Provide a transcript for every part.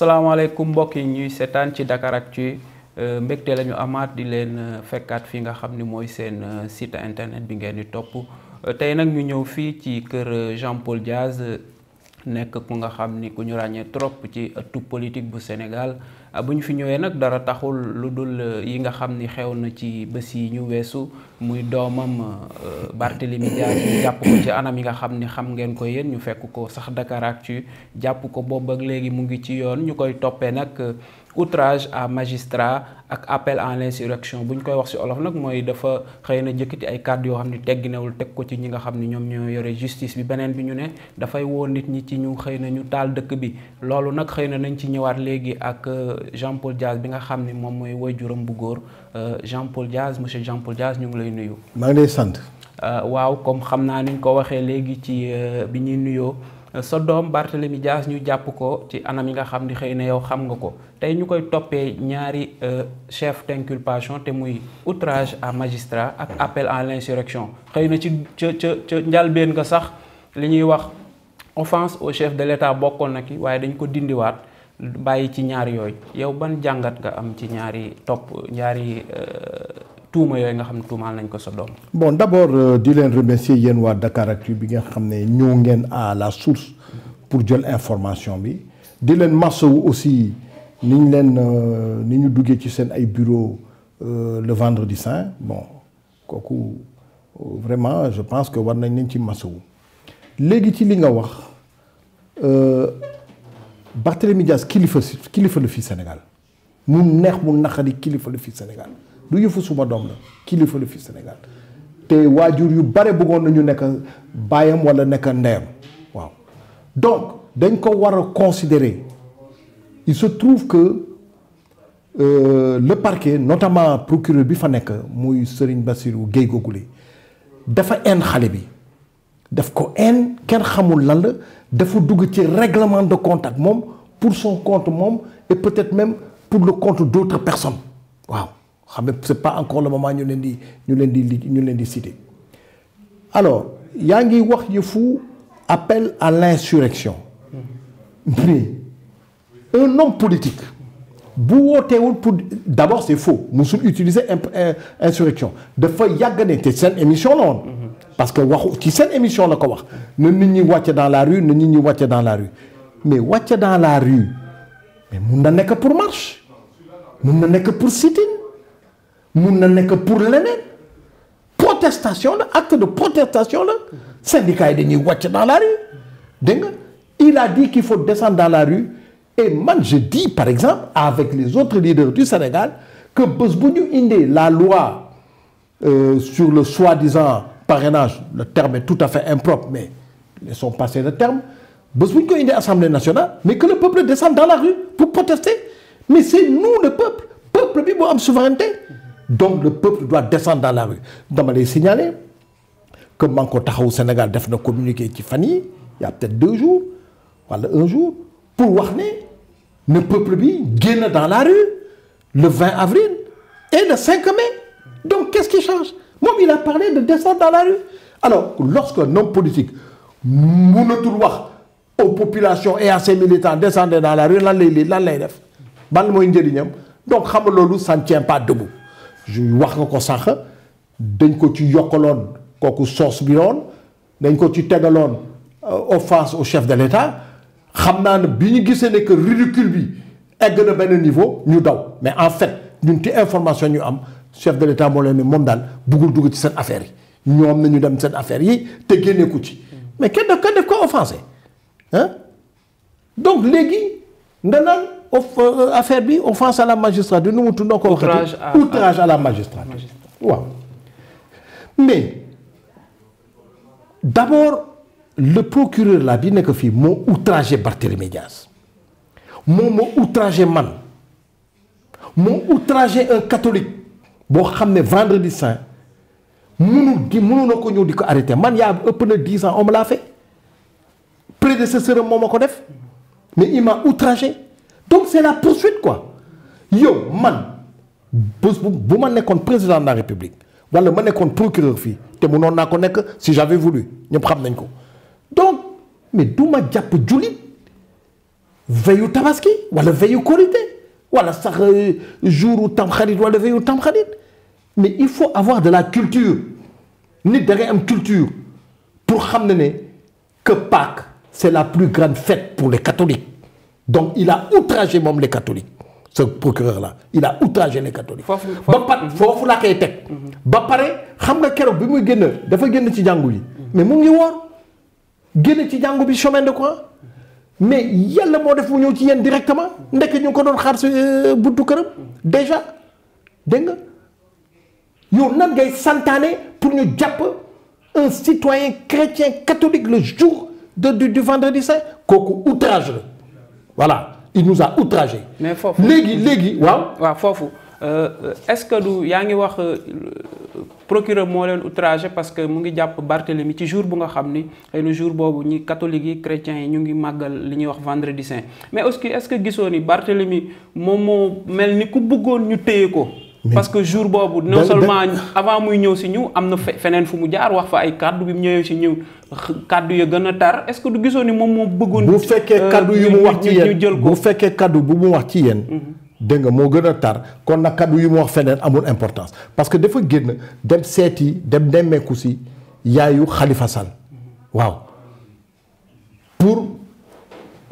assalamu alaykum mbokk yi ñuy sétane ci dakar actu euh, mbégte lañu amaat di leen euh, fekkaat fi nga xam ni seen euh, site internet bi ngeen di topp tey nag ñu ñëw fii ci kër jean paul diaz nekk ku nga xam ni ku ñu ràññee trop ci ëttu politique bu sénégal euh, Ah, bu ñu fi ñëwee nag dara taxul lu dul eh, yi nga xam ni xew na ci bés yi ñu weesu muy doomam eh, Barthélemy Dias ñu jàpp ko ci anam yi nga xam ni xam ngeen ko yéen ñu fekk ko sax Dakaractu jàpp ko boobu ak léegi mu ngi ci yoon ñu koy toppee nag eh, outrage à magistrat ak appel à l'insurrection buñ koy wax ci olof nak moy dafa xeyna jëkëti ay cadre yo xamni ne tegginewul teg ko ci ñi nga xam ne ñoom ñoo yore justice bi benen bi ñu ne dafay wo nit ñi ci ñu xeyna ñu taal dëkk bi loolu nak xeyna nañ ci ñëwaat légui ak euh, Jean Paul Diaz bi nga xamni mom moy mooy bu goor euh, Jean Paul Diaz monsieur Jean Paul Diaz ñu ngi lay nuyu. maa ngi lay sant. Euh, waaw comme xamna naa ko waxé légui ci bi ñuy nuyoo. sa doom Barthélemy Dias ñu jàpp ko ci anam yi nga xam ni xëy na yow xam nga ko tey ñu koy toppee ñaari euh, chef d'inculpation te muy outrage à magistrat ak appel à l'insurrection xëy na ci ca ca ca njalbeen nga sax li ñuy wax offense au chef de l'État bokkoon nag ki waaye dañ ko dindiwaat bàyyi ci ñaar yooyu yow ban jàngat nga am ci ñaari topp ñaari euh, tuuma yooyu nga xam ne tuumaal nañ ko sa dom bon d'abord abord euh, di leen remercier wa dakar Dakaractu bi nga xam ne ñëw ngeen à la source pour jël information bi di leen masawu aussi niñ ñu leen euh, ni ñu ci sen ay bureau euh, le vendredi saint bon kooku euh, vraiment je pense que war nañ leen ci masawu légui ci li nga wax euh Barthélémy Diaz, kilifa kilifa le fils Sénégal mu neex mu naqari kilifa le fils Sénégal du yëfu suma dom la kilifa la fi senegal te wajur yu bare bëggoon nañu nekk bayam wala nekk ndem waaw donc dañ ko wara considérer il se trouve que euh, le parquet notamment procureur bi fa nek muy Serigne Bassirou Guèye Gougouli dafa en xale bi daf ko en ken xamul lan la dafa dugg ci règlement de contact mom pour son compte mom et peut-être même pour le compte d'autres personnes waaw ce n'est c'est pas encore le moment de nous di alors Yangi ngi wax appel à l'insurrection mais un homme politique d'abord c'est faux Nous utiliser euh, insurrection De il y a une émission non parce que waxu ci émission nous quoi wax na dans la rue nous nit ñi émission dans la rue mais dans la rue mais n'en na pour marche Nous n'avons que pour citer n'en na que pour l'aimer. protestation acte de protestation le syndicat est venu dans la rue il a dit qu'il faut descendre dans la rue et moi je dis par exemple avec les autres leaders du Sénégal que besoin Indé, la loi euh, sur le soi-disant parrainage le terme est tout à fait impropre mais ils sont pas le terme besoin assemblée nationale mais que le peuple descende dans la rue pour protester mais c'est nous le peuple peuple qui en souveraineté donc le peuple doit descendre dans la rue je vais signaler que Manko au Sénégal a communiquer, communiqué il y a peut-être deux jours voilà un jour pour warner le peuple bi dans la rue le 20 avril et le 5 mai donc qu'est-ce qui change Moi, il a parlé de descendre dans la rue alors lorsque nos politiques, mënatul aux populations et à ses militants descendre dans la rue là, lay donc ça tient pas debout ju wax nga ko sànq dañ ko ci yokkaloon kooku source bi noonu dañ ko ci tegaloon offense euh, au chef de l'État xam naa ne bi ñu gisee ne que ridicule bi egg na benn niveau ñu daw mais en fait ñun ci information ñu am chef de l'État moo leen ne moom daal buggul dugg ci seen affaire yi ñoom nañu dem seen affaire yi te génne ko ci mais kenn def kenn def ko offensé ah donc léegi nga naan euh, affaire bi offense à la magistrature Nous, outrage à la magistrature mais d'abord le procureur là dit que suis outragé Barthélémy Diaz Je suis outragé man mon outragé un catholique Bon, xam ne vendredi saint Je di mënu arrêter. ko di ko arrêté man ans on me l'a fait prédécesseur de mon mais il m'a outragé donc c'est la poursuite quoi Yo man vous bu contre président de la république wala ma le procureur fille te mënoon naa ko nekk si j'avais voulu ñëpp xam nañ ko donc mais d'où ma Julie Veille au tabaski wala veillu korité wala sax euh, jouru tamxarit wala Tam tamxarit mais il faut avoir de la culture Ni da une culture pour ramener que Pâques c'est la plus grande fête pour les catholiques donc, il a outragé même les catholiques, ce procureur-là. Il a outragé les catholiques. Il faut la kay tek. Ba paré, xam nga kéro bi muy génn, dafa génn ci le li. Mais mu ngi wor. Génn ci chemin de quoi Mais yalla mo def mu ñew ci yeen directement, ndek ñu ko doon xaar ci euh, buntu kërëm. Déjà, dénga Il yow nan ngay santané pour ñu japp un citoyen chrétien catholique le jour de, du, vendredi saint kooku outrage voilà. Il nous a outragés. Mais Légui, léegi ouais. waaw. waaw euh, euh, est-ce que du yaa ngi wax euh, procureur moo leen outragé parce que mu ngi jàpp Barthélemy ci jour bu nga xam ni xëy jour boobu ñi catholiques yi chrétiens yi ñu ngi màggal li ñuy wax vendredi saint mais aussi est-ce que gisoo Barthélemy Momo, mel ni ku bëggoon ñu ko parce que le jour non ben, ben seulement avant muy ñëw si ñu am na des fu mu jaar wax fa ay des bi mu ñëwee si des kàddu qui sont tar est-ce que du nous ni moom moo bu fekkee euh, kàddu yu mu wax ci yéen bu fekkee nous bu mu wax ci yéen. Mhm. dégg nga moo qui a tar kon nag yu mu wax amul importance parce que des génn dem seeti dem yaayu Khalifa Sall waaw pour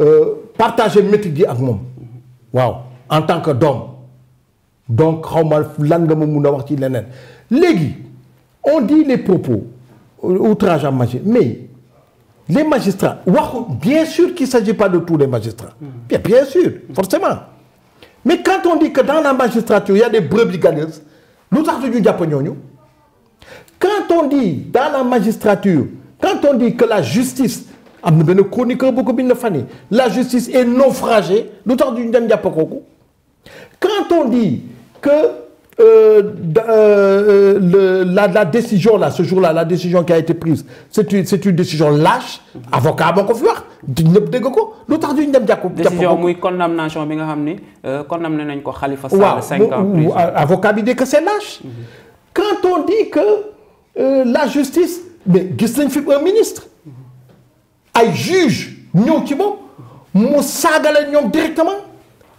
euh, partager le gi ak lui, waaw en tant que don donc on dit les propos outrage à magistrat mais les magistrats bien sûr qu'il ne s'agit pas de tous les magistrats mm. bien bien sûr forcément mais quand on dit que dans la magistrature il y a des brebis nous, nous du ñu quand on dit dans la magistrature quand on dit que la justice la justice est naufragée nous, du nous quand on dit que euh, euh, la, décision, là, ce jour-là, la décision qui a été prise, c'est une, une, décision lâche, avocat à condamnation dit que c'est lâche. Mm-hmm. quand on dit que euh, la justice mais un ministre A juge Nous directement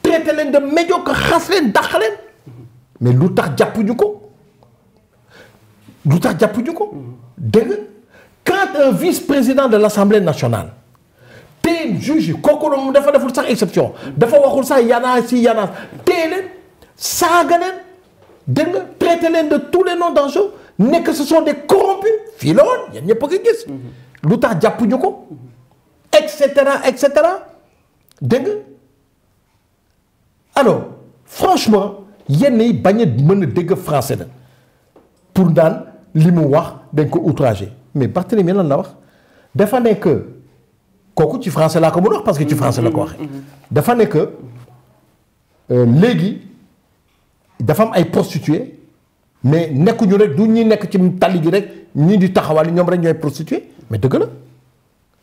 traité de médiocre mais lu tax jàppuñu ko quand un vice-président de l'Assemblée nationale tey juge kooku noonu dafa deful sax exception dafa waxul sax yana si yanaa un leen saaga traiter dégg de tous les noms d'enjeu N'est que ce sont des corrompus Filon... il n'y a pas de guise. tax jàppuñu ko etc. cetera alors franchement yenn yi bañ a mën a dégg français da pour daan li mu wax dañ ko outragé mais Barthélemy lan la wax dafa que kooku ci français laa ko mën wax parce que ci français la ko waxee. dafa nekk euh, léegi dafa am ay prostituées mais nekkuñu rek du ñi nekk ci tali gi rek ñii di taxawal ñoom rek ñooy prostituées mais dëgg la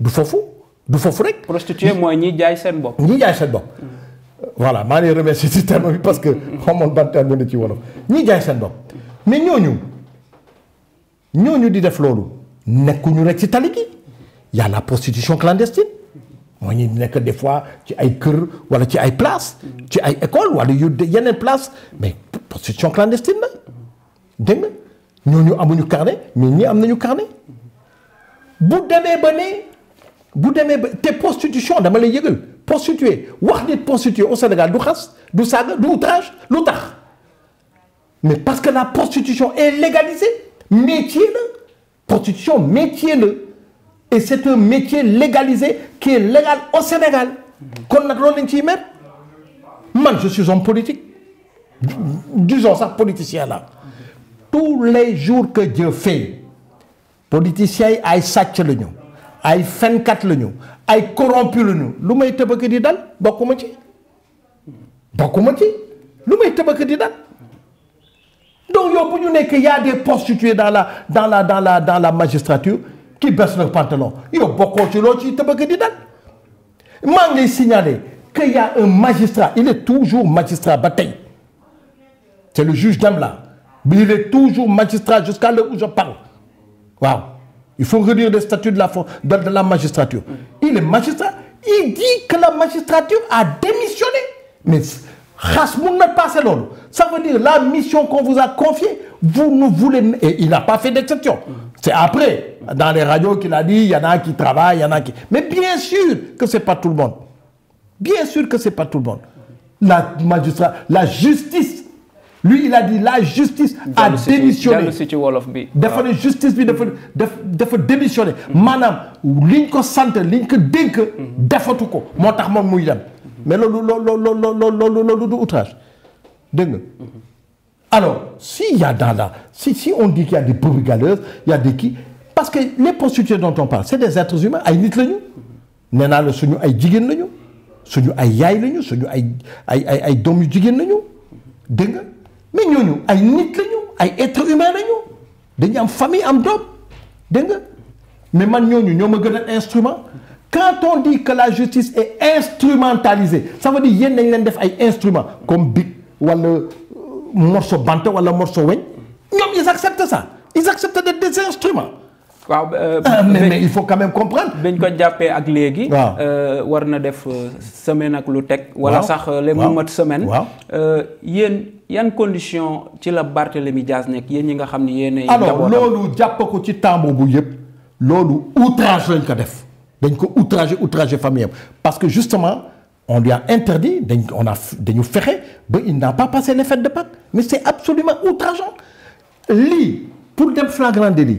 du foofu du foofu rek. prostituées mooy ñi jaay seen bopp. ñi jaay seen bopp voilà ma ngi remercier ci bi parce que xamoon ban terme ni ci wolof ñi jaay seen bopp mais ñoñu ñoñu di def loolu nekkuñu rek ci tali gi y a la prostitution clandestine moo ñu nek des fois ci ay kër wala ci ay place ci ay école wala yu yeneen place mais prostitution clandestine la dégg nga amuñu carnet mais ñi am nañu carnet bu démé ba ne bu démé ba te prostitution dama lay yëgal prostitué. vous nit au Sénégal du xas du Saga, du outrage mais parce que la prostitution est légalisée métier le prostitution métier le, et c'est un métier légalisé qui est légal au Sénégal Qu'on a loolu lañ je suis homme politique disons ça, politicien là. tous les jours que Dieu fait politiciens yi ay sàcc la ñu ay ay corrompu lu ñu lu may tëbëkk di dal beaucoup ci bokkuma ci lu may tëbëkk di dal donc yo bu ñu il y a des prostituées dans la dans la dans la dans la magistrature qui baissent leurs pantalon Yo bokkoo ci lo ci tëbëkk di dal maa ngi signaler que y a un magistrat il est toujours magistrat bataille. c'est le juge Dambla il est toujours magistrat jusqu'à l'heure où je parle Waouh il faut réduire le statut de la, la magistrature. Il est magistrat. Il dit que la magistrature a démissionné. Mais Ça veut dire la mission qu'on vous a confiée, vous ne voulez... Et il n'a pas fait d'exception. C'est après, dans les radios qu'il a dit, il y en a qui travaillent, il y en a qui... Mais bien sûr que ce n'est pas tout le monde. Bien sûr que ce n'est pas tout le monde. La magistrat, la justice lui il a dit la justice a démissionné ci dafa ne ah. justice bi dafa daf dafa démissionné maanaam liñ ko sant liñ ko dénk mhm. defatu ko moo tax moom muy dem mhm. mais loolu loolu loolu loolu loolu du outrage dégg nga mhm. alors s'il y a dans la si si on dit qu'il y a des pourrigaleuses il y a des qui parce que les prostituées dont on parle c'est des êtres humains ay nit lañu nee naa la suñu ay jigéen lañu suñu ay yaay lañu suñu ay ay ay ay doom yu jigéen lañu dégg nga mais nous, ay nit humains, nous être nous familles, dañu am famille am mais man nous ñoo instrument quand on dit que la justice est instrumentalisée ça veut dire qu'il y a def instrument comme big le euh, morceau ou le morceau de ils acceptent ça ils acceptent des instruments waaw euh, ah, mais mais il faut quand même comprendre. Ben ko jàppee ak léegi. waaw euh, war def euh, semaine ak lu teg. wala sax le mu mat semaine. yéen yan condition ci la Barthélémy Dias nekk yéen ñi nga xam ne yéenay. alors loolu jàpp ko ci temps boobu yëpp loolu outrage lañ ko def dañ ko outragé outragé famille parce que justement on lui a interdit dañ on a dañu fexe ba il n'a pas passé les fêtes de Pâques mais c'est absolument outrageant lii pour dem flagrant délit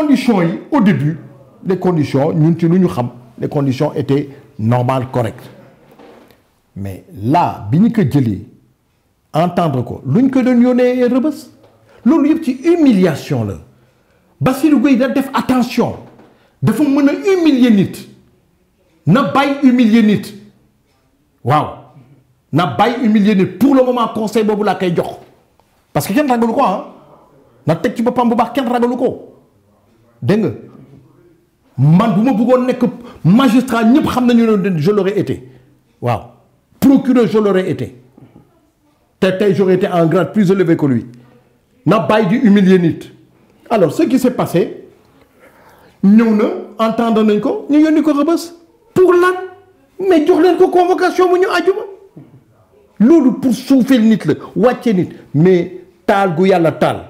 conditions au début les conditions nous nous, les conditions étaient normales correctes mais là binique ñu ko jëlee entendre ko L'une que ko doon et Rebus loolu yëpp ci humiliation la Bassirou il da def attention dafa mën a humilier nit na bàyyi humilier nit waaw na bàyyi humilier nit pour le moment conseil boobu la koy jox parce que kenn ragalu ko ah na teg ci boppam bu baax kenn ragalu ko Deng. man bu ma bëggoon nekk magistrat ñëpp xam nañu ne je l'aurais été waaw procureur je l'aurais été te tey j'aurais été en grade plus élevé que lui na bàyyi di humilié nit alors ce qui s'est passé ñëw na entendre nañ ko ñu yónni ko rëbës pour lan mais jox leen ko convocation mu ñu àjjuma loolu pour suufeel nit la wàcce nit mais taal gu yàlla taal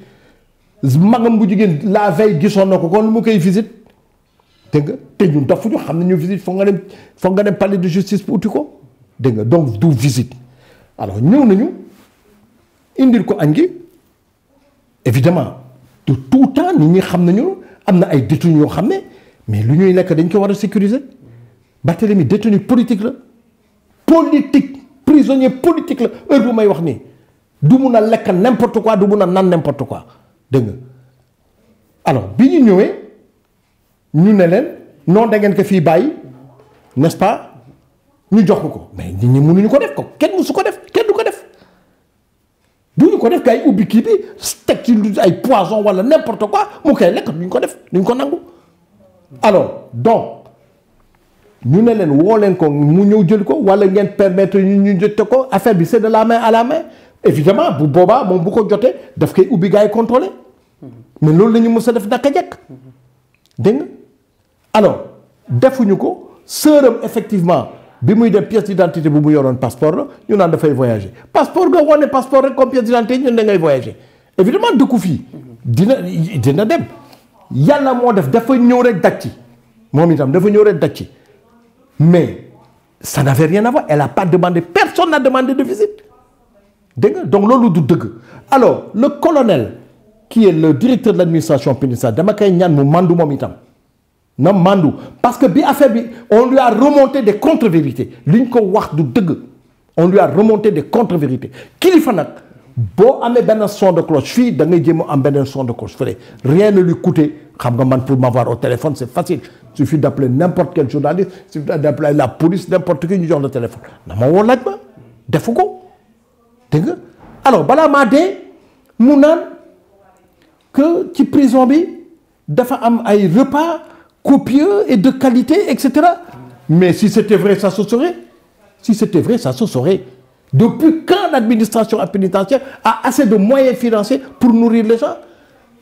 magam bu la veille vous avez kon mu visite de nga te dafuñu visite fo nga palais de justice pour tiko nga donc du visite alors nous, nañu nous, ko nous, évidemment de tout temps nous ñi xam nous ay mais lu ñuy nous, dañ ko wara sécuriser Barthélemy détenu politique la politique prisonnier politique la heure bu may wax nous, du nous, n'importe quoi du n'importe quoi alors bi nous, nous ñu ne non da ngeen ko fi n'est-ce pas Nous jox ko mais nit ñi mënuñu ko def ko kenn mësu ko def kenn du ko def bu ñu ko def kay ubbi kii bi ci ay poison wala n'importe quoi mu Nous nous ñu ko def alors donc ñu ne leen woo ko mu ñëw jël ko wala permettre ñu ñu jëtte de la main à la main évidemment bu boobaa moom bu ko jotee daf kay ubbi contrôler contrôlé mais loolu lañu ñu def naka jekk dégg alors defuñu ko effectivement bi muy dem pièce d'identité bu mu yoron passeport la ñu da fay voyager passeport nga wane passeport rek comme pièce d'identité ñun da ngay voyager évidemment de fii dina dina dem yalla mo def dafa ñëw rek dacci momi tam dafa ñëw rek dacci mais ça n'avait rien à voir elle a pas demandé personne n'a demandé de visite donc le du alors le colonel qui est le directeur de l'administration pénitentiaire dama koy ñaan mu mandu itam parce que on lui a remonté des contre-vérités li ko on lui a remonté des contre-vérités kilifa si il a un son de cloche Il da a am son de cloche rien ne lui coûtait pour m'avoir au téléphone c'est facile il suffit d'appeler n'importe quel journaliste il suffit d'appeler la police n'importe qui ñu de téléphone na ma alors il y dit que ci prison bi dafa repas copieux et de qualité etc. mais si c'était vrai ça se saurait si c'était vrai ça se saurait depuis quand l'administration pénitentiaire a assez de moyens financiers pour nourrir les gens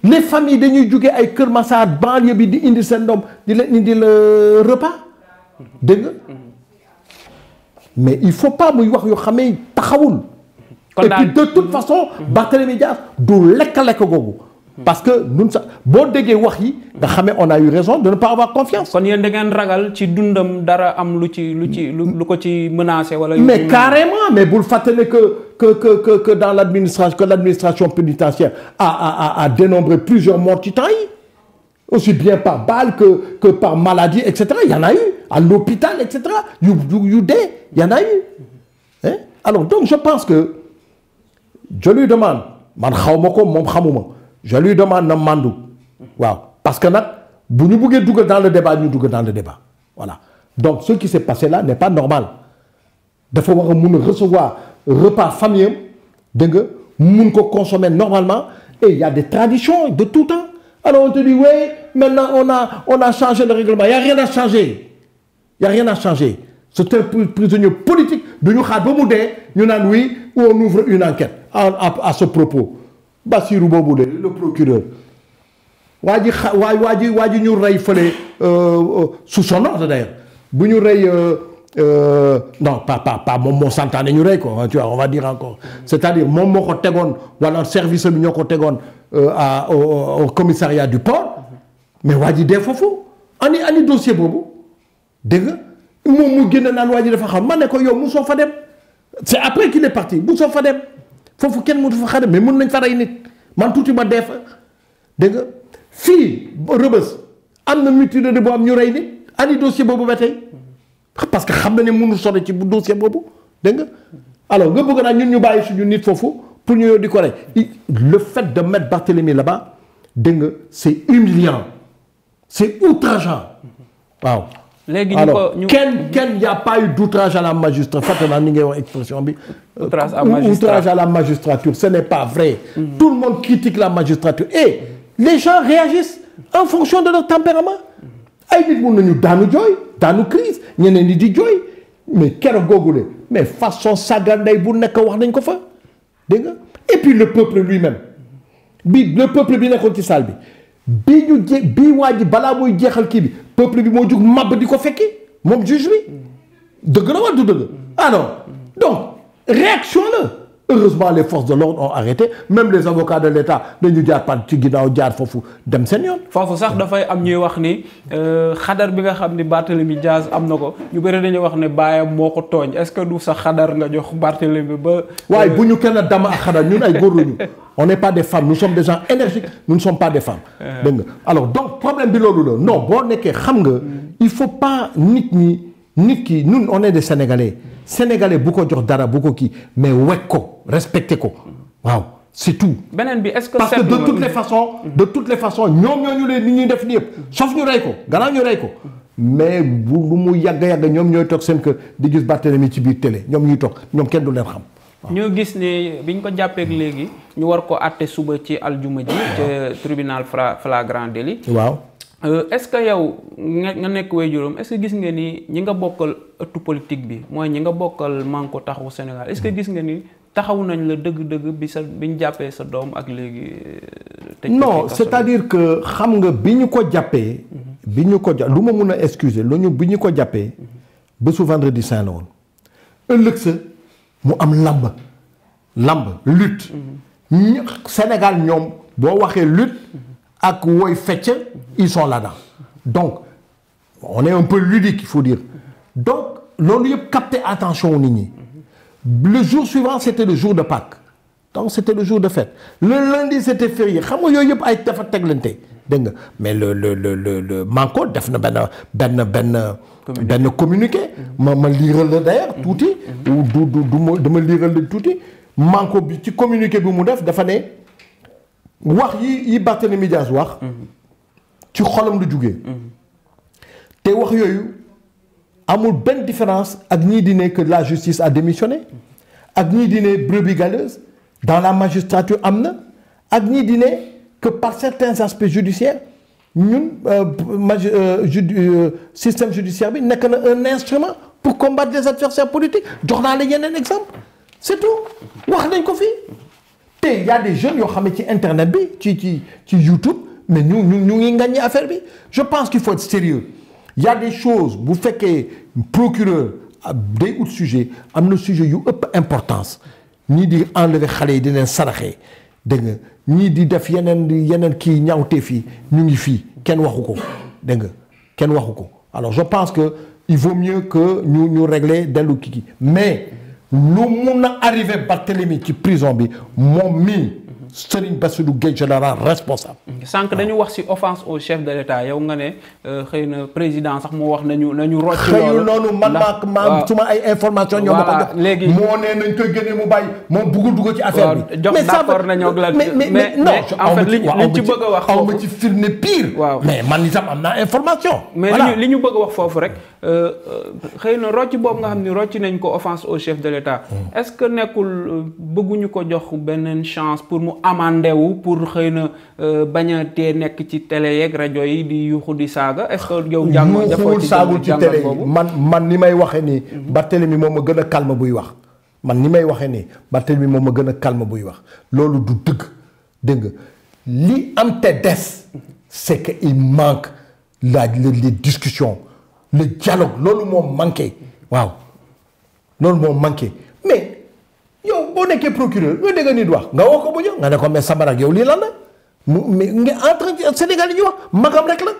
les familles de ont ay Kermassa, banlieue bi di indi di le repas D'accord mm-hmm. mais il faut pas muy wax ne xamee pas. Et puis de toute mhm. façon les médias mhm. parce que nous bon mhm. on a eu raison de ne pas avoir confiance mais carrément mais vous le que que que que dans l'administration que l'administration pénitentiaire a a a a dénombré plusieurs morts qui aussi bien par balle que que par maladie etc il y en a eu à l'hôpital etc il y en a eu hein? alors donc je pense que je lui demande man xaw mom je lui demande non parce que nak, si ñu dans le débat nous dugal dans le débat voilà donc ce qui s'est passé là n'est pas normal Il faut que recevoir repas familial dégg nous consommer normalement et il y a des traditions de tout temps alors on te dit oui maintenant on a on a changé le règlement il n'y a rien à changer il n'y a rien à changer c'est un prisonnier politique de oui, où on ouvre une enquête à, à, ce propos. Bassirou Boboudé, le procureur. Wadi Wadi Wadi nous ray sous son ordre d'ailleurs. Bu euh, euh, non pas pas pas moom moo tu vois on va dire encore c'est-à-dire mon moo ou alors le service bi ñoo euh, au commissariat du port mais dit des dee faux. ani ani dossier boobu dégg moom mu génn naan waa ji dafa xam ma ko yow musoo fa dem c'est après qu'il est parti musoo fa dem foofu ken musu fa xa dem mais mun nañ fa rey nit man tuuti ma dee fa dégg nga fii rëbës de na mutinerie bu am ñu rey nit ani dossier boobu ba parce que xam na ne mënul sori ci dossier boobu dégg alors nga bëgg naa ñun ñu bàyyi suñu nit foofu pour ñu di ko rey le fait de mettre Barthélemy là-bas dégg c'est humiliant c'est est outrageant waaw alors kenn kenn y' a pas eu d'outrage à la magistrature fàttali naa ni ngay wax expression bi. Euh, outrage à outrage à la magistrature ce n'est pas vrai. tout le monde critique la magistrature et les gens réagissent en fonction de leur tempérament. ay nit mun nañu daanu jooy daanu crise ñeneen ñi di jooy mais keroog googu mais façon sàggan day bu nekk wax nañ ko fa dégg nga et puis le peuple lui-même bi le peuple bi nekkoon ci salle bi bii ñu je bii waa ji balaa bi. peuple bi moo jug mab di ko fekki moom juge bi dëgg la wala du dëgg ah non donc réaction la. heureusement les forces de l'ordre ont arrêté même les avocats de l'État dañu jaar par ci ginnaaw jaar foofu dem seen yoon. foofu sax dafay am ñuy wax ni euh, xadar bi nga xam ni Barthélemy Diaz am na ko ñu dañuy wax ne baayam moo est-ce que du sa xadar nga jox Barthélemy ba. Euh, waaye bu ñu kenn dama ñun ay on n'est pas des femmes nous sommes des gens énergiques nous ne sommes pas des femmes. Euh. dégg alors donc problème bi loolu non bon nekkee xam nga. il faut pas nit ni nous, on est des sénégalais sénégalais beaucoup de jox dara beaucoup mais respecté c'est tout. parce que de toutes les façons. de toutes les façons nous ñu sauf ñu nous ko mais bu sommes mu yàgg yàgg ñoom ñooy toog seen kër di gis Barthélemy ci biir télé ñoom ñuy du leen ko ñu tribunal flagrant délit. waaw. euh est ce que yow nga nek way jurom est ce que gis nga ni ñi nga bokal eutu politique bi moy ñi nga bokal manko taxu senegal est ce que gis nga ni taxaw nañ la deug deug bi sa biñ jappé sa dom ak légui euh, non c'est à dire que xam nga biñ ko jappé mhm. biñ ko jappé luma mëna excuser lu ñu biñ ko jappé mhm. bu su vendredi saint lawon euleuk sa mu am lamb lamb lutte mhm. senegal ñom bo waxé lutte ak woy fetch ils sont là-dedans. Donc, on est un peu ludique, il faut dire. Donc, l'on lui a capté attention au nini. Le jour suivant, c'était le jour de Pâques. Donc, c'était le jour de fête. Le lundi, c'était férié. Mais le, le, le, le, le manco, ben, ben, ben, ben communiqué. Je ma lire le d'ailleurs, mhm. tout ou de me lire le tout Manco, tu communiqué, tu as fait. Tu les médias Tu ci xolam lu jugee. te wax yoyu amul ben différence ak ñi di ne que la justice a démissionné ak ñi di brebis dans la magistrature amna ak ñi di que par certains aspects judiciaires ñun euh, euh, euh, système judiciaire bi qu'un na un instrument pour combattre les adversaires politiques jox y la yenen exemple c'est tout wax nañ ko te y a des jeunes yo xamé ci internet bi ci ci YouTube mais nous, nous ñu ngi ngàññi affaire je pense qu'il faut être sérieux il y a des choses vous que le procureur ah, des ut sujet a na sujet yu ëpp importance ni di enlever khalé yi di leen saraxee dégg nga ñii di def yeneen yeneen kii ñaawtee fii ñu ngi fii kenn waxu ko dégg nga kenn alors je pense que il vaut mieux que nous ñu régler le kiki. mais lu mun a arrivé qui ci prison bi Mon mii Serigne Bassirou Gueye je le responsable. Mm, Sank dañu wax ci offense au chef de l'État yow nga né euh, xëy na président sax mo wax nañu nañu rocc loolu nonu man ma maa suma ay information ñoo ma ko jox léegi moo ne nañ koy gëné mu bay mo bëggul dugg ci affaire bi mais d'accord nañoo la mais non en fait li ci bëgg wax aw ma ci firnde pire mais man itam am na information mais li ñu bëgg wax fofu rek euh, euh, xëy na rocc bob nga xamni rocc nañ ko offense au chef de l'État hmm. est-ce que nekkul bëgguñu ko jox benen chance pour mu amandé pour xeyna euh, baña té nek ci télé yeeg radio yi di yuxu di saga est-ce que yow jàngo dafa ci saagul ci télé man man ni may waxé ni mhm. ba télé mi moma gëna calme buy wax man ni may waxé ni ba télé mi moma gëna calme buy wax lolu du dëgg dégg li am té des c'est que il manque la les discussions le dialogue lolu mom manqué waaw loolu mom manqué boo que procureur nga dégg nit wax nga woo ko nga ne ko mais Sabara ak yow lan la mais entre Sénégal yi wax magam rek la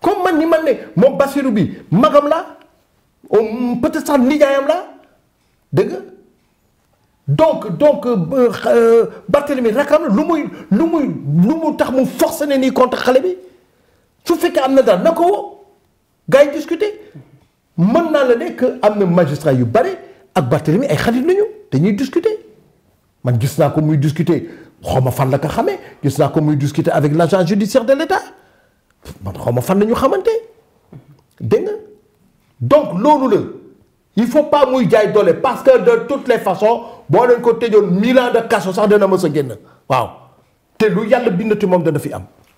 comme ni man ne moom bi magam la peut-être sax nijaayam la donc donc euh, euh, Barthélemy rakam la lu muy lu muy lu mu tax mu forcé contre xale bi su fekkee am na dara na discuter la que magistrat yu ak Barthélemy ay xarit lañu dañuy discuter man gis naa ko muy discuter xaw ma fan la ko xamee gis naa ko muy discuter avec l' agent judiciaire de l' état man xaw ma fan la ñu xamante dégg nga donc loolu la il faut pas muy jaay doole parce que de toutes les façons boo leen ko tëjoon mille ans de kaso sax dana mës a génn waaw te lu yàlla bindati moom dana fi am.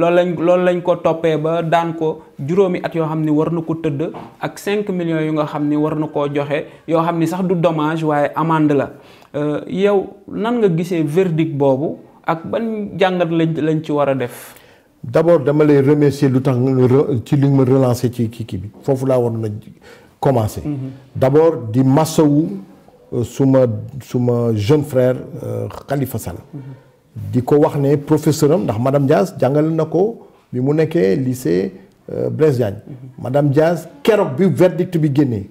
loolu lañ loolu lañ ko toppee ba daan ko juróomi at yoo xam ni war na ko tëdd ak 5 millions yu nga xam ni war na koo joxe yoo xam ni sax du dommage waaye amande la euh, yow nan nga gisee verdict boobu ak ban jàngat lañ lañ ci war a def. d'abord dama lay remercier lu tax ci li ma relancer ci kii bi foofu laa waroon a commencer. Mhm. d'abord di masawu euh, suma suma jeune frère euh, Khalifa Sall. Mhm diko wax né professeur ndax madame Diaz jàngale nako bi mu nekké lycée euh, Blaise Diagne mhm. madame Diaz kérok bi verdict bi génnee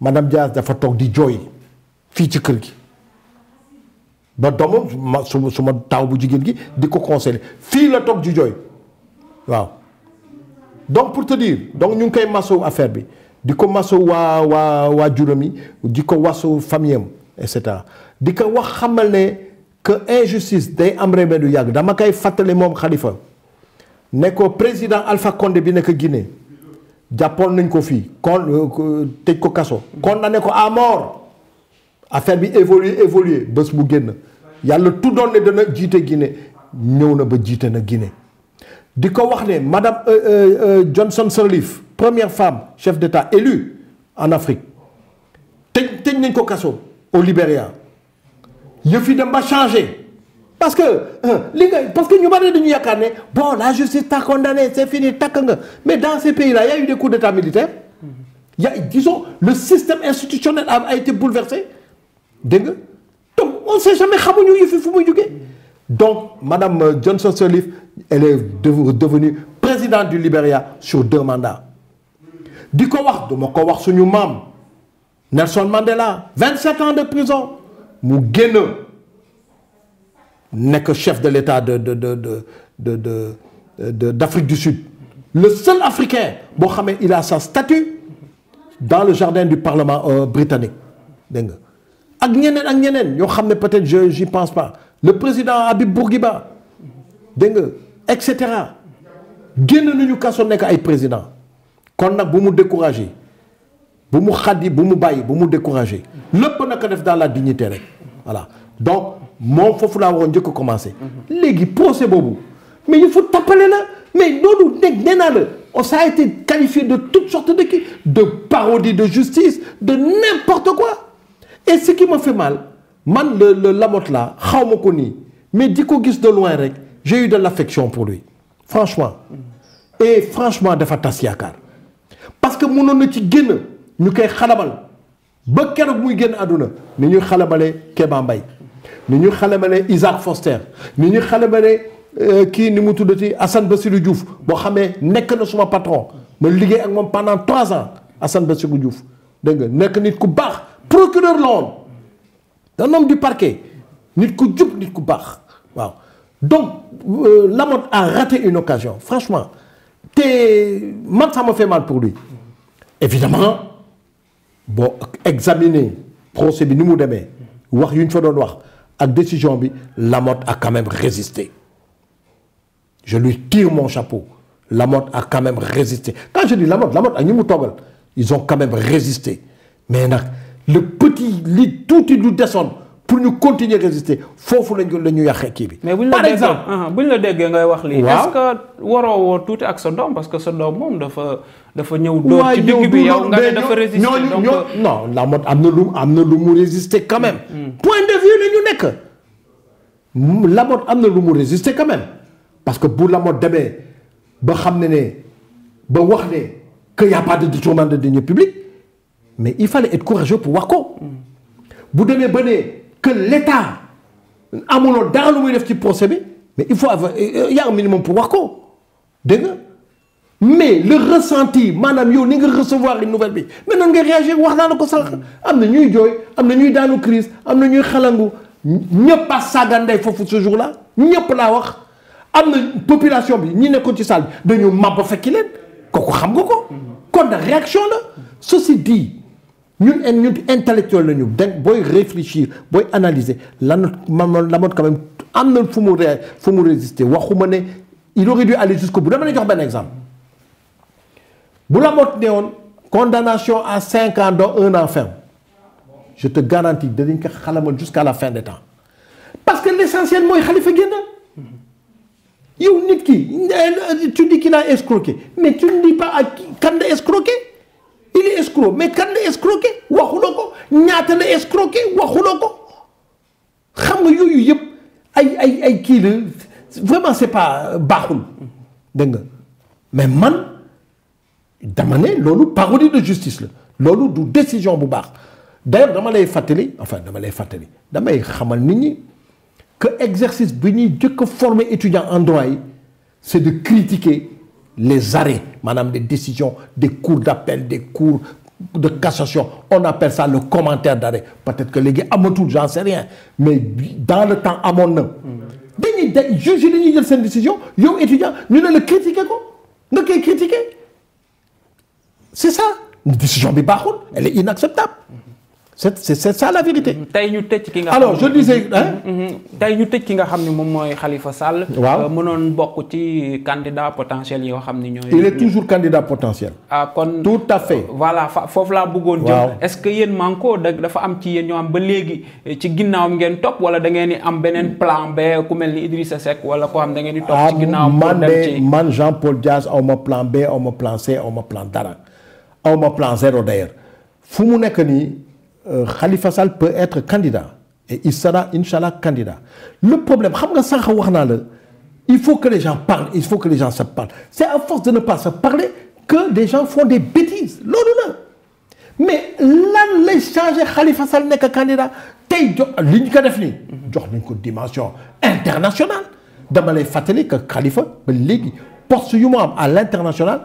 madame Diaz dafa tok di joy fi ci kër gi ba domo ma suma taw bu jigen gi diko ko fi la tok di joy waaw donc pour te dire donc ñu ngi koy masawu affaire bi diko masso wa wa wa juromi diko di ko et cetera diko wax xamal né que injustice day am rebe du yàgg dama koy fàttali moom Khalifa président Alpha Condé bi Guinée diapon nañ ko fii kon euh, tëj ko kaso condamné ko à mort affaire bi évoluer évoluer a bu génn tout donné ne dana jiite Guinée ñëw na ba jiite na Guinée di ko wax madame euh, euh, Johnson Sirleaf première femme chef d'État élue en Afrique tëj tëj nañ kaso au Libéria il yi dem changé parce que euh, parce que ñu bari dañu yaakaar bon la justice t'a condamné c'est fini quand nga mais dans ces pays-là il y a eu des coups d'état militaires y a disons le système institutionnel a été bouleversé donc on sait jamais comment nous yi fu donc madame euh, Johnson Sirleaf elle est devenue présidente du Libéria sur deux mandats Du Kowar, wax du Kowar, sur wax suñu Nelson Mandela 27 ans de prison mu n'est le chef de l'État de de d'Afrique du Sud le seul Africain Mohamed il a sa statue dans le jardin du Parlement euh, britannique dégg Agnienen, peut-être j'y pense pas le président Habib Bourguiba etc. Il et cetera génn président kon a bu mu découragé bu xadi xaddi bu mu décourager lepp mu na ko def dans la dignité rek voilà donc Mon fofou l'a On njëkk commencé. légui procès bobu mais il faut taper là... mais nous, nek néna le on oh, ça a été qualifié de toutes sortes de de parodie de justice de n'importe quoi et ce qui m'a fait mal man le le Lamotte la xawmako ni mais diko gis de loin rek j'ai eu de l'affection pour lui franchement et franchement de tas car parce que mënoon na ci génn ñu koy xalabal ba keroog muy génn àdduna ni ñu xalabalee Kéba Mbaye ni ñu xalabalee Isaac Foster ni ñu xalabalee euh, kii ni mu tuddati Assane Bassirou Diouf boo xamee nekk na suma patron ma liggéey ak moom pendant 3 ans Assane Bassirou Diouf dégg nga nekk nit ku baax procureur la woon un homme du parquet nit ku jub nit ku baax waaw donc euh, Lamotte a raté une occasion franchement te man ça fait mal pour lui évidemment Bon, examiner procès nous ni mu ou wax une fa doon wax ak décision la mode a quand même résisté je lui tire mon chapeau La mode a quand même résisté quand je dis la mode, la mode ils ont quand même résisté mais le petit tout tout lu descendre pour nous continuer à résister il faut ah, que nous y mais vous la est-ce que tout parce que c'est le monde qui non la mot nous résister quand même. Mm, mm. point de vue nous ñu la résister quand même parce que pour la mot que ba avons a pas de détournement de mais il fallait être courageux pour wako. Mm que l'État amuloo dara lu muy def ci procès bi mais il faut avoir il y a un minimum pour wax ko dégg mais le ressenti maanaam yow ni nga recevoir une nouvelle bi mais nan ngay réagir wax naa la ko sànq am na ñuy jooy am na ñuy daanu crise am na ñuy xalangu ñëpp a sàggandey foofu ce jour là ñëpp laa wax am population bi ñi nekkoon ci salle bi dañu màbb fekki leen kooku xam nga ko kon réaction la ceci dit nous sommes intellectuel nous Donc, réfléchir boy analyser la mode quand même am na fu résister il aurait dû aller jusqu'au bout vous vous jox un exemple bu la mort condamnation à 5 ans dans un an je te garantis danañ ko xalamal jusqu'à la fin des temps parce que l'essentiel Il y a yow nit ki tu dis qu'il a escroqué mais tu ne dis pas à qui il a escroqué il est escroc mais quand il est escroqué est escroqué. Il escroqué Il est escroqué. Il est escroqué. Il est. escroqué. Il est vraiment c'est pas escroqué. Il est mais man est escroqué. Il est de justice est escroqué. Il décision escroqué. Il d'ailleurs escroqué. Il est enfin Il est escroqué. Il est escroqué. Il que exercice Il est escroqué. former étudiant en droit c'est de critiquer les arrêts, madame, des décisions des cours d'appel des cours de cassation on appelle ça le commentaire d'arrêt peut-être que les à gars, mon tour, j'en sais rien mais dans le temps à mon nom, da juge dañuy jël cette décision yow étudiant nous ne pas, critiquer Nous ne le critiquons. c'est ça Une décision de elle est inacceptable c'est ça la vérité. Mm, alors je disais hein? mm, mm, tey ñu tëj ki nga xam ne moom Khalifa Sall. waaw euh, mënoon ci candidat potentiel yoo xam ne il est toujours candidat potentiel. Ah, tout à fait. voilà fa foofu laa bëggoon est-ce que yéen manko dafa am ci yéen ñoo am ba léegi eh, ci ginnaawam ngeen topp wala da ngeen di am beneen plan B ku mel ni Idrissa sec wala koo xam da ngeen di. topp ci ah, ginnaawam man de man Jean Paul Diaz aw ma plan B aw ma plan C aw ma plan D aw ma plan zéro d'ailleurs fu mu nekk euh, Khalifa Sall peut être candidat et il sera, Inch'Allah, candidat. Le problème, il faut que les gens parlent, il faut que les gens se parlent. C'est à force de ne pas se parler que les gens font des bêtises. Mais là, les changer Khalifa Sall n'est que candidat. une dimension internationale. Dans les fatigues que Khalifa, à l'international,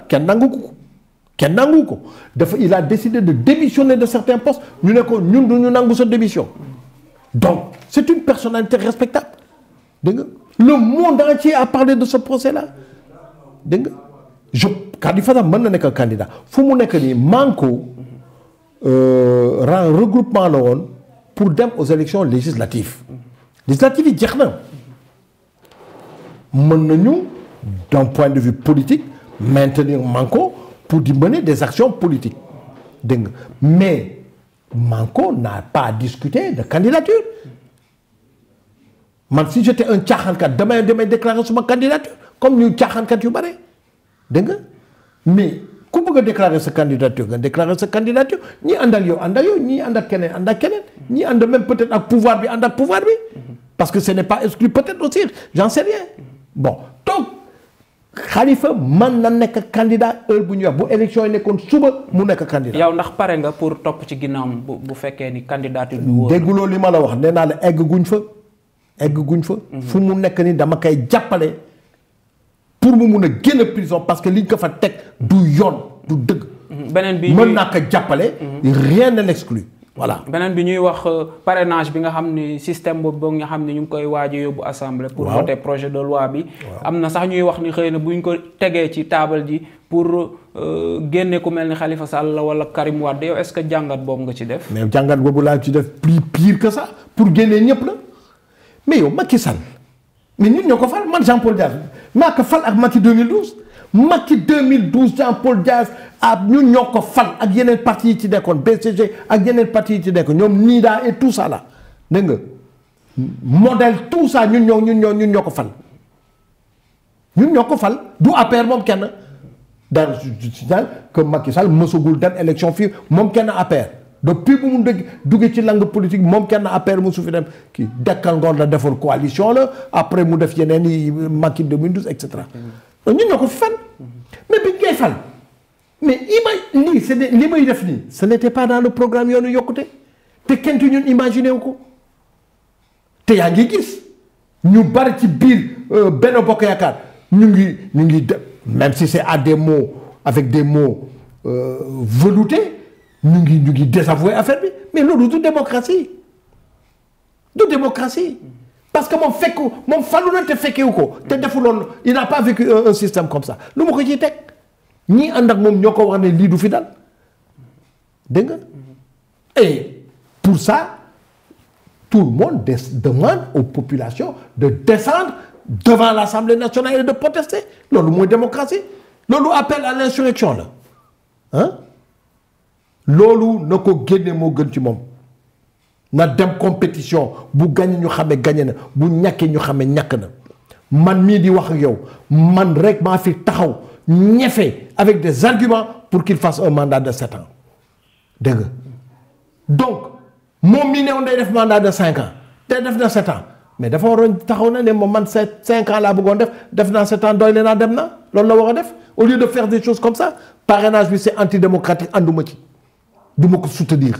il a décidé de démissionner de certains postes Nous, démission donc c'est une personnalité respectable le monde entier a parlé de ce procès là je Khalifa un candidat Il faut que manko un euh, regroupement pour dem aux élections législatives législatives il d'un point de vue politique maintenir manko pour mener des actions politiques. Mais Manco n'a pas discuté de candidature. Même si j'étais un Tchahankat, demain, demain, déclarer sur ma candidature, comme nous Tchahankat, tu barré. Mais, comment vous déclarer sa candidature Vous déclarer sa candidature, ni andalio, andalio ni Andakenen, Andakenen, ni Anda même peut-être à pouvoir, pouvoir, Parce que ce n'est pas exclu, peut-être aussi, j'en sais rien. Bon, donc, Khalifa man na nekk candidat heure bu ñu wax bu élection yi nekkoon suba mu nekk candidat. yow ndax pare nga pour topp ci ginnaawam bu fekkee ni candidat yi li ma la wax nee naa la egg guñ fa egg guñ fa. Mhm. fu mu nekk ni dama koy jàppale pour mu mun a génn prison parce que liñ ko fa teg du yoon du dëgg. Mhm. beneen bi mën naa ko jàppale. Mhm. rien ne voilà benen bi ñuy wax euh, parrainage bi nga xam ni système boobu nga xam ni ñu ngi koy waaj yóbbu assemblée. pour voter projet de loi bi. am na sax ñuy wax ni xëy na bu ñu ko tegee ci table ji pour euh, génne ku mel ni Khalifa Sall wala Karim Wade yow est-ce que jàngat boobu nga ci def. mais jàngat boobu laa ci def plus pire que ça pour génne ñëpp la mais yow Macky Sall mais ñun ñoo ko fal man Jean Paul Dias maa ko fal ak Macky 2012. Macky 2012 Jean-Paul Dias ah ñun ñoo fal ak yeneen parti yi ci nekkoon BCG ak yeneen parti ci nekkoon ñoom NIDA et tout ça là dégg modèle tout ça ñun ñoo ñun ñoo ñun fal. ñun ñoo fal du APR moom kenn dans que Macky Sall mësagul dem élection fii moom kenn APR depuis bu mu dëgg duggee ci langue politique moom kenn APR mu su fi dem kii dekkal ngoon la defoon coalition la après mu def yeneen i 2012 etc. On ñoo ko fi mais biñ koy fal mais m'a dit, c'est li may def ce n'était pas dans le programme yoonu a te kenn tu ñun imaginer wu ko te yaa ngi gis ñu bari ci biir euh, benn bokk yaakaar ñu ngi ñu ngi même si c'est à des mots avec des mots euh, veloutés ñu ngi ñu désavouer affaire bi mais nous du démocratie toute démocratie parce que mon féco, mon falu il n'a pas vécu un système comme ça Nous, nous ni et pour ça tout le monde demande aux populations de descendre devant l'Assemblée nationale et de protester le moins démocratie Nous appel à l'insurrection nous, hein? ah dem compétition bu gagné ñu xamé gagné na bu ñaké ñu xamé ñak na man mi di wax ak yow man rek ma fi taxaw ñefé avec des arguments pour qu'il fasse un mandat de 7 ans deug donc mom mi néw ndey def mandat de 5 ans té def na 7 ans mais dafa won taxaw na né mom man 5 ans la bëggon def def na 7 ans doy léna dem na loolu la wara def au lieu de faire des choses comme ça parrainage c'est antidémocratique anduma ci duma ko soutenir dire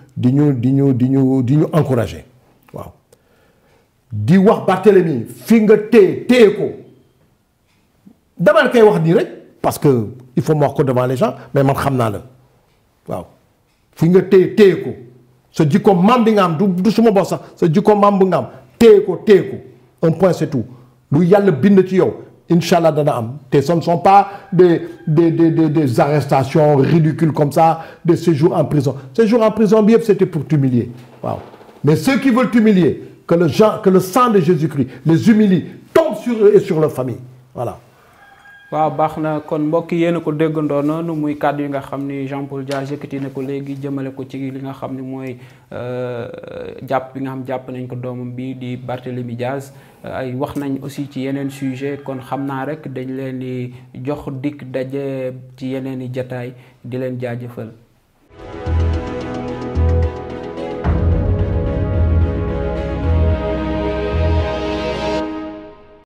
diñu diñu diñu diñu encourager waaw di wax Barthélemy fi nga téye téye ko dama wax nii rek parce que il faut ma wax ko devant les gens mais man xam naa la waaw fi nga téye téye ko sa jikko maam bi nga am du du suma bopp sax sa jikko maam bu nga am téye ko téye ko un point c'est tout lu yàlla bind ci yow Inch'Allah dana am ce ne sont pas des des arrestations ridicules comme ça des séjours en prison séjours en prison bien, c'était pour t'humilier mais ceux qui veulent t'humilier que le que le sang de Jésus-Christ les humilie tombe sur eux et sur leur famille voilà waaw baax na kon mbokk yéen a ko déggandoo noonu muy kàddu yi nga xam ni Jean Paul Dias yëkkati na ko léegi jëmale ko ci li nga xam ni mooy euh, jàpp bi nga xam jàpp nañ ko doomam bi di Barthélémy Dias ay wax nañ aussi ci yeneen sujet kon xam naa rek dañ leen di jox dikk daje ci yeneen i jataay di leen jaajëfal